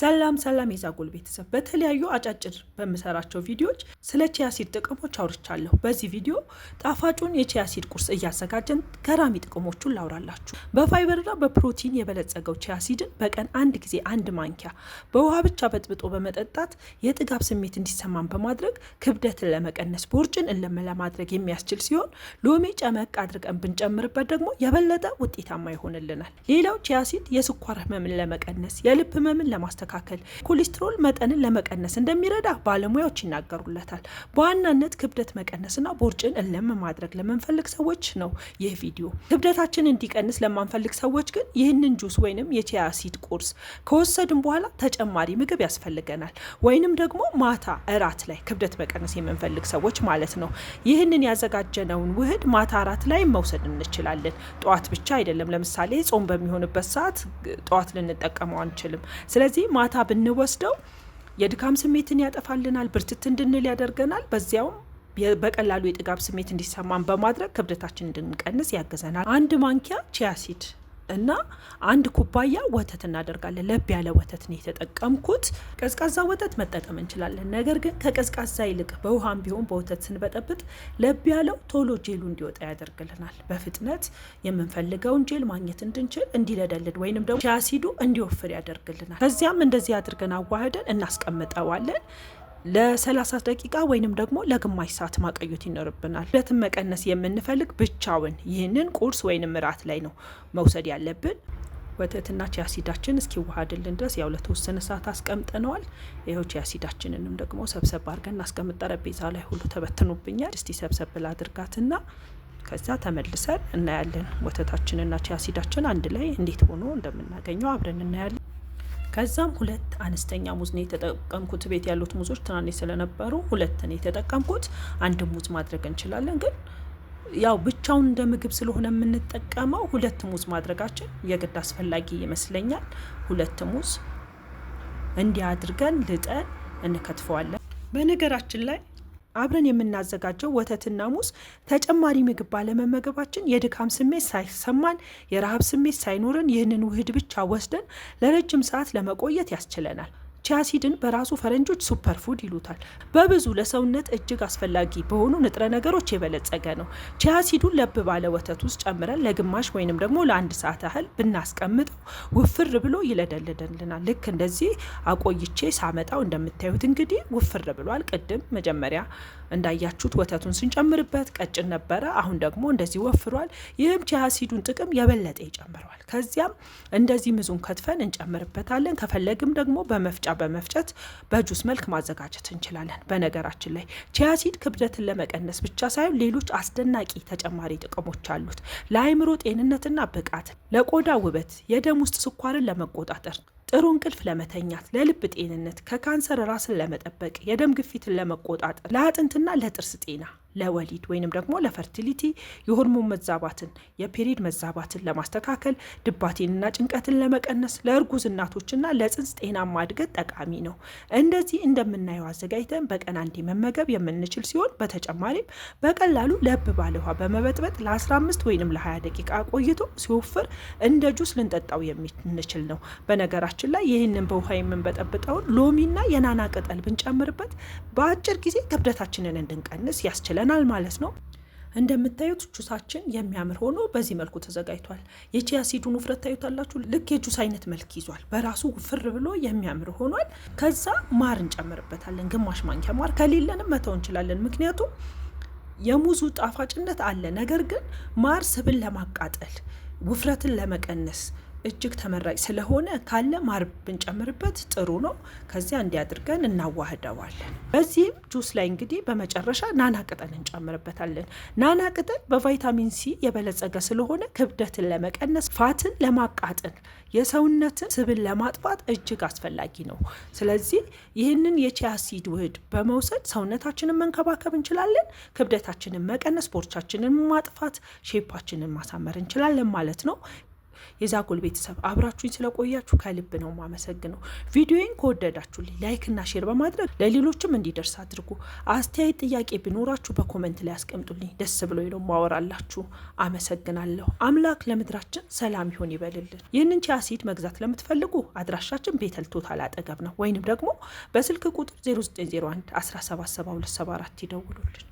ሰላም ሰላም የዛጎል ቤተሰብ፣ በተለያዩ አጫጭር በምሰራቸው ቪዲዮዎች ስለ ቺያሲድ ጥቅሞች አውርቻለሁ። በዚህ ቪዲዮ ጣፋጩን የቺያሲድ ቁርስ እያዘጋጀን ገራሚ ጥቅሞቹን ላውራላችሁ። በፋይበርና በፕሮቲን የበለጸገው ቺያሲድን በቀን አንድ ጊዜ አንድ ማንኪያ በውሃ ብቻ በጥብጦ በመጠጣት የጥጋብ ስሜት እንዲሰማን በማድረግ ክብደትን ለመቀነስ ቦርጭን እልም ለማድረግ የሚያስችል ሲሆን ሎሚ ጨመቅ አድርገን ብንጨምርበት ደግሞ የበለጠ ውጤታማ ይሆንልናል። ሌላው ቺያሲድ የስኳር ህመምን ለመቀነስ የልብ ህመምን ለማስተ ለማስተካከል ኮሌስትሮል መጠንን ለመቀነስ እንደሚረዳ ባለሙያዎች ይናገሩለታል። በዋናነት ክብደት መቀነስና ቦርጭን እለም ማድረግ ለምንፈልግ ሰዎች ነው ይህ ቪዲዮ። ክብደታችን እንዲቀንስ ለማንፈልግ ሰዎች ግን ይህንን ጁስ ወይንም የቺያ ሲድ ቁርስ ከወሰድን በኋላ ተጨማሪ ምግብ ያስፈልገናል። ወይንም ደግሞ ማታ እራት ላይ ክብደት መቀነስ የምንፈልግ ሰዎች ማለት ነው። ይህንን ያዘጋጀነውን ውህድ ማታ እራት ላይ መውሰድ እንችላለን። ጠዋት ብቻ አይደለም። ለምሳሌ ጾም በሚሆንበት ሰዓት ጠዋት ልንጠቀመው አንችልም። ስለዚህ ማታ ብንወስደው የድካም ስሜትን ያጠፋልናል፣ ብርትት እንድንል ያደርገናል። በዚያውም በቀላሉ የጥጋብ ስሜት እንዲሰማን በማድረግ ክብደታችን እንድንቀንስ ያግዘናል። አንድ ማንኪያ ቺያሲድ እና አንድ ኩባያ ወተት እናደርጋለን። ለብ ያለ ወተት ነው የተጠቀምኩት። ቀዝቃዛ ወተት መጠቀም እንችላለን። ነገር ግን ከቀዝቃዛ ይልቅ በውሃም ቢሆን በወተት ስንበጠብጥ ለብ ያለው ቶሎ ጄሉ እንዲወጣ ያደርግልናል። በፍጥነት የምንፈልገውን ጄል ማግኘት እንድንችል እንዲለደልድ ወይንም ደግሞ ሲያሲዱ እንዲወፍር ያደርግልናል። ከዚያም እንደዚህ አድርገን አዋህደን እናስቀምጠዋለን። ለ30 ደቂቃ ወይንም ደግሞ ለግማሽ ሰዓት ማቀየት ይኖርብናል። ክብደትን መቀነስ የምንፈልግ ብቻውን ይህንን ቁርስ ወይንም እራት ላይ ነው መውሰድ ያለብን። ወተትና ቺያሲዳችን እስኪዋሃድልን ድረስ ያው ለተወሰነ ሰዓት አስቀምጠነዋል። ይኸው ቺያሲዳችንንም ደግሞ ሰብሰብ አድርገን እናስቀምጥ። ጠረጴዛ ላይ ሁሉ ተበትኖብኛል። እስቲ ሰብሰብ ብላ አድርጋትና ከዛ ተመልሰን እናያለን። ወተታችንና ቺያሲዳችን አንድ ላይ እንዴት ሆኖ እንደምናገኘው አብረን እናያለን። ከዛም ሁለት አነስተኛ ሙዝ ነው የተጠቀምኩት። ቤት ያሉት ሙዞች ትናንሽ ስለነበሩ ሁለት ነው የተጠቀምኩት። አንድ ሙዝ ማድረግ እንችላለን ግን ያው ብቻውን እንደ ምግብ ስለሆነ የምንጠቀመው ሁለት ሙዝ ማድረጋችን የግድ አስፈላጊ ይመስለኛል። ሁለት ሙዝ እንዲህ አድርገን ልጠን እንከትፈዋለን። በነገራችን ላይ አብረን የምናዘጋጀው ወተትና ሙዝ ተጨማሪ ምግብ ባለመመገባችን የድካም ስሜት ሳይሰማን የረሃብ ስሜት ሳይኖረን ይህንን ውህድ ብቻ ወስደን ለረጅም ሰዓት ለመቆየት ያስችለናል። ቺያሲድን በራሱ ፈረንጆች ሱፐር ፉድ ይሉታል። በብዙ ለሰውነት እጅግ አስፈላጊ በሆኑ ንጥረ ነገሮች የበለጸገ ነው። ቺያሲዱን ለብ ባለ ወተት ውስጥ ጨምረን ለግማሽ ወይንም ደግሞ ለአንድ ሰዓት ያህል ብናስቀምጠው ውፍር ብሎ ይለደልደልናል። ልክ እንደዚህ አቆይቼ ሳመጣው እንደምታዩት እንግዲህ ውፍር ብሏል። ቅድም መጀመሪያ እንዳያችሁት ወተቱን ስንጨምርበት ቀጭን ነበረ። አሁን ደግሞ እንደዚህ ወፍሯል። ይህም ቺያሲዱን ጥቅም የበለጠ ይጨምረዋል። ከዚያም እንደዚህ ምዙን ከትፈን እንጨምርበታለን። ከፈለግም ደግሞ በመፍጫ በመፍጨት በጁስ መልክ ማዘጋጀት እንችላለን። በነገራችን ላይ ቺያሲድ ክብደትን ለመቀነስ ብቻ ሳይሆን ሌሎች አስደናቂ ተጨማሪ ጥቅሞች አሉት። ለአይምሮ ጤንነትና ብቃት፣ ለቆዳ ውበት፣ የደም ውስጥ ስኳርን ለመቆጣጠር ጥሩ እንቅልፍ ለመተኛት፣ ለልብ ጤንነት፣ ከካንሰር ራስን ለመጠበቅ፣ የደም ግፊትን ለመቆጣጠር፣ ለአጥንትና ለጥርስ ጤና ለወሊድ ወይንም ደግሞ ለፈርቲሊቲ የሆርሞን መዛባትን የፔሪድ መዛባትን ለማስተካከል ድባቴንና ጭንቀትን ለመቀነስ ለእርጉዝ እናቶችና ለጽንስ ጤናማ እድገት ጠቃሚ ነው። እንደዚህ እንደምናየው አዘጋጅተን በቀን አንዴ መመገብ የምንችል ሲሆን በተጨማሪም በቀላሉ ለብ ባለ ውሃ በመበጥበጥ ለ15 ወይንም ለ20 ደቂቃ ቆይቶ ሲወፍር እንደ ጁስ ልንጠጣው የምንችል ነው። በነገራችን ላይ ይህንን በውሃ የምንበጠብጠውን ሎሚና የናና ቅጠል ብንጨምርበት በአጭር ጊዜ ክብደታችንን እንድንቀንስ ያስችላል ችለናል ማለት ነው። እንደምታዩት ጁሳችን የሚያምር ሆኖ በዚህ መልኩ ተዘጋጅቷል። የቺያ ሲዱን ውፍረት ታዩታላችሁ። ልክ የጁስ አይነት መልክ ይዟል። በራሱ ውፍር ብሎ የሚያምር ሆኗል። ከዛ ማር እንጨምርበታለን። ግማሽ ማንኪያ ማር ከሌለንም መተው እንችላለን። ምክንያቱም የሙዙ ጣፋጭነት አለ። ነገር ግን ማር ስብን ለማቃጠል ውፍረትን ለመቀነስ እጅግ ተመራጭ ስለሆነ ካለ ማር ብንጨምርበት ጥሩ ነው። ከዚያ እንዲያድርገን እናዋህደዋለን። በዚህም ጁስ ላይ እንግዲህ በመጨረሻ ናና ቅጠል እንጨምርበታለን። ናና ቅጠል በቫይታሚን ሲ የበለጸገ ስለሆነ ክብደትን ለመቀነስ፣ ፋትን ለማቃጠል፣ የሰውነትን ስብን ለማጥፋት እጅግ አስፈላጊ ነው። ስለዚህ ይህንን የቺያ ሲድ ውህድ በመውሰድ ሰውነታችንን መንከባከብ እንችላለን። ክብደታችንን መቀነስ፣ ቦርቻችንን ማጥፋት፣ ሼፓችንን ማሳመር እንችላለን ማለት ነው። የዛጎል ቤተሰብ አብራችሁኝ ስለቆያችሁ ከልብ ነው ማመሰግነው። ቪዲዮን ከወደዳችሁልኝ ላይክና ሼር በማድረግ ለሌሎችም እንዲደርስ አድርጉ። አስተያየት፣ ጥያቄ ቢኖራችሁ በኮመንት ላይ አስቀምጡልኝ ደስ ብሎ ነው ማወራላችሁ። አመሰግናለሁ። አምላክ ለምድራችን ሰላም ይሆን ይበልልን። ይህንን ቺያ ሲድ መግዛት ለምትፈልጉ አድራሻችን ቤተል ቶታል አጠገብ ነው፣ ወይንም ደግሞ በስልክ ቁጥር 0901 177274 ይደውሉልን።